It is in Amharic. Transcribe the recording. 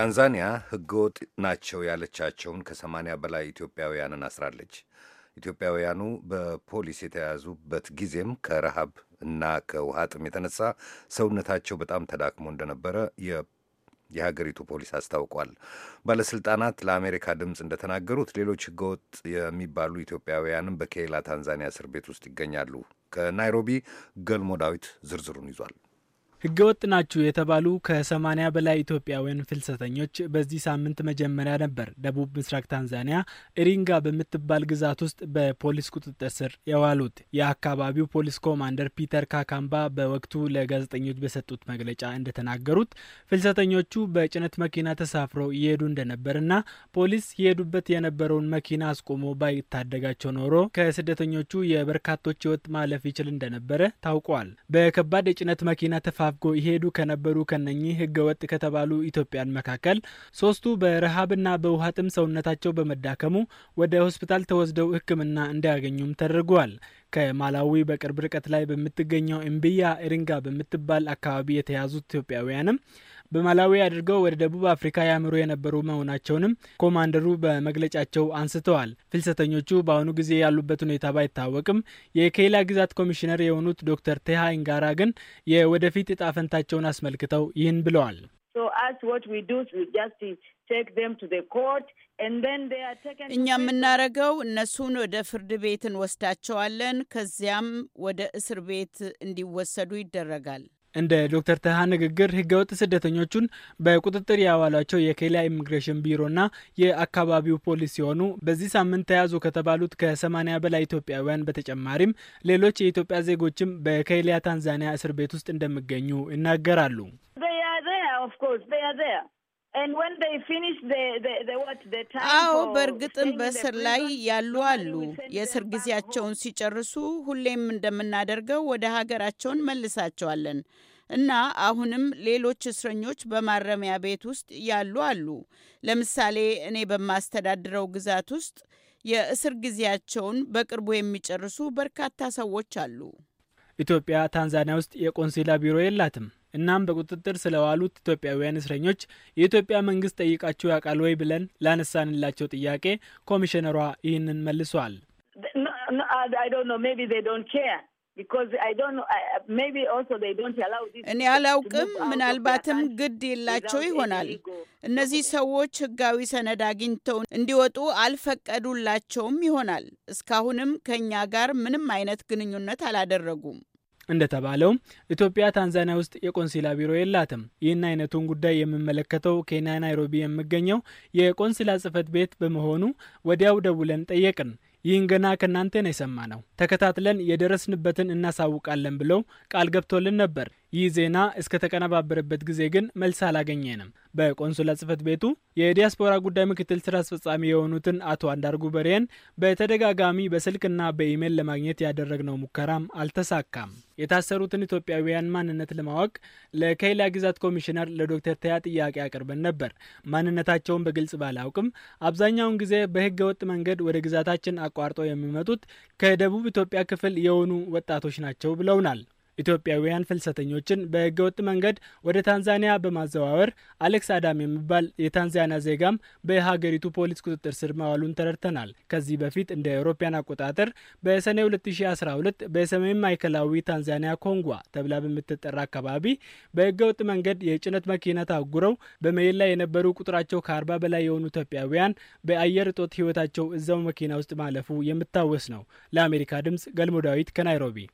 ታንዛኒያ ህገወጥ ናቸው ያለቻቸውን ከሰማንያ በላይ ኢትዮጵያውያንን አስራለች። ኢትዮጵያውያኑ በፖሊስ የተያዙበት ጊዜም ከረሃብ እና ከውሃ ጥም የተነሳ ሰውነታቸው በጣም ተዳክሞ እንደነበረ የሀገሪቱ ፖሊስ አስታውቋል። ባለስልጣናት ለአሜሪካ ድምፅ እንደተናገሩት ሌሎች ህገወጥ የሚባሉ ኢትዮጵያውያንም በኬላ ታንዛኒያ እስር ቤት ውስጥ ይገኛሉ። ከናይሮቢ ገልሞ ዳዊት ዝርዝሩን ይዟል። ህገወጥ ናችሁ የተባሉ ከ80 በላይ ኢትዮጵያውያን ፍልሰተኞች በዚህ ሳምንት መጀመሪያ ነበር ደቡብ ምስራቅ ታንዛኒያ ኢሪንጋ በምትባል ግዛት ውስጥ በፖሊስ ቁጥጥር ስር የዋሉት። የአካባቢው ፖሊስ ኮማንደር ፒተር ካካምባ በወቅቱ ለጋዜጠኞች በሰጡት መግለጫ እንደተናገሩት ፍልሰተኞቹ በጭነት መኪና ተሳፍረው እየሄዱ እንደነበርና ፖሊስ የሄዱበት የነበረውን መኪና አስቆሞ ባይታደጋቸው ኖሮ ከስደተኞቹ የበርካቶች ህይወት ማለፍ ይችል እንደነበረ ታውቋል። በከባድ የጭነት መኪና ተፋ አፍጎ ይሄዱ ከነበሩ ከነኚህ ህገወጥ ከተባሉ ኢትዮጵያን መካከል ሶስቱ በረሃብና በውሃ ጥም ሰውነታቸው በመዳከሙ ወደ ሆስፒታል ተወስደው ሕክምና እንዲያገኙም ተደርጓል። ከማላዊ በቅርብ ርቀት ላይ በምትገኘው እምብያ ኢሪንጋ በምትባል አካባቢ የተያዙት ኢትዮጵያውያንም በማላዊ አድርገው ወደ ደቡብ አፍሪካ ያምሩ የነበሩ መሆናቸውንም ኮማንደሩ በመግለጫቸው አንስተዋል። ፍልሰተኞቹ በአሁኑ ጊዜ ያሉበት ሁኔታ ባይታወቅም የኬላ ግዛት ኮሚሽነር የሆኑት ዶክተር ቴሃ ኢንጋራ ግን የወደፊት እጣ ፈንታቸውን አስመልክተው ይህን ብለዋል። እኛ የምናደርገው እነሱን ወደ ፍርድ ቤት እንወስዳቸዋለን። ከዚያም ወደ እስር ቤት እንዲወሰዱ ይደረጋል። እንደ ዶክተር ተሃ ንግግር ህገወጥ ስደተኞቹን በቁጥጥር ያዋሏቸው የኬንያ ኢሚግሬሽን ቢሮና የአካባቢው ፖሊስ ሲሆኑ በዚህ ሳምንት ተያዙ ከተባሉት ከሰማኒያ በላይ ኢትዮጵያውያን በተጨማሪም ሌሎች የኢትዮጵያ ዜጎችም በኬንያ ታንዛኒያ እስር ቤት ውስጥ እንደሚገኙ ይናገራሉ። አዎ በእርግጥም በእስር ላይ ያሉ አሉ። የእስር ጊዜያቸውን ሲጨርሱ ሁሌም እንደምናደርገው ወደ ሀገራቸውን መልሳቸዋለን እና አሁንም ሌሎች እስረኞች በማረሚያ ቤት ውስጥ ያሉ አሉ። ለምሳሌ እኔ በማስተዳድረው ግዛት ውስጥ የእስር ጊዜያቸውን በቅርቡ የሚጨርሱ በርካታ ሰዎች አሉ። ኢትዮጵያ ታንዛኒያ ውስጥ የቆንሲላ ቢሮ የላትም። እናም በቁጥጥር ስለዋሉት ኢትዮጵያውያን እስረኞች የኢትዮጵያ መንግስት ጠይቃችሁ ያውቃል ወይ ብለን ላነሳንላቸው ጥያቄ ኮሚሽነሯ ይህንን መልሷል። እኔ አላውቅም። ምናልባትም ግድ የላቸው ይሆናል። እነዚህ ሰዎች ህጋዊ ሰነድ አግኝተው እንዲወጡ አልፈቀዱላቸውም ይሆናል። እስካሁንም ከእኛ ጋር ምንም አይነት ግንኙነት አላደረጉም። እንደተባለው ኢትዮጵያ ታንዛኒያ ውስጥ የቆንሲላ ቢሮ የላትም። ይህን አይነቱን ጉዳይ የምመለከተው ኬንያ ናይሮቢ የሚገኘው የቆንሲላ ጽህፈት ቤት በመሆኑ ወዲያው ደውለን ጠየቅን። ይህን ገና ከእናንተ ነው ተከታትለን የደረስንበትን እናሳውቃለን ብለው ቃል ገብቶልን ነበር። ይህ ዜና እስከተቀነባበረበት ጊዜ ግን መልስ አላገኘንም። በቆንሱላ ጽህፈት ቤቱ የዲያስፖራ ጉዳይ ምክትል ስራ አስፈጻሚ የሆኑትን አቶ አንዳርጉ በሬን በተደጋጋሚ በስልክና በኢሜይል ለማግኘት ያደረግነው ሙከራም አልተሳካም። የታሰሩትን ኢትዮጵያውያን ማንነት ለማወቅ ለከይላ ግዛት ኮሚሽነር ለዶክተር ተያ ጥያቄ አቅርበን ነበር። ማንነታቸውን በግልጽ ባላውቅም አብዛኛውን ጊዜ በህገ ወጥ መንገድ ወደ ግዛታችን አቋርጠው የሚመጡት ከደቡብ ኢትዮጵያ ክፍል የሆኑ ወጣቶች ናቸው ብለውናል። ኢትዮጵያውያን ፍልሰተኞችን በህገወጥ መንገድ ወደ ታንዛኒያ በማዘዋወር አሌክስ አዳም የሚባል የታንዛኒያ ዜጋም በሀገሪቱ ፖሊስ ቁጥጥር ስር መዋሉን ተረድተናል። ከዚህ በፊት እንደ አውሮፓውያን አቆጣጠር በሰኔ 2012 በሰሜን ማዕከላዊ ታንዛኒያ ኮንጓ ተብላ በምትጠራ አካባቢ በህገወጥ መንገድ የጭነት መኪና ታጉረው በመሄድ ላይ የነበሩ ቁጥራቸው ከ ከ40 በላይ የሆኑ ኢትዮጵያውያን በአየር እጦት ህይወታቸው እዛው መኪና ውስጥ ማለፉ የሚታወስ ነው። ለአሜሪካ ድምጽ ገልሞ ዳዊት ከናይሮቢ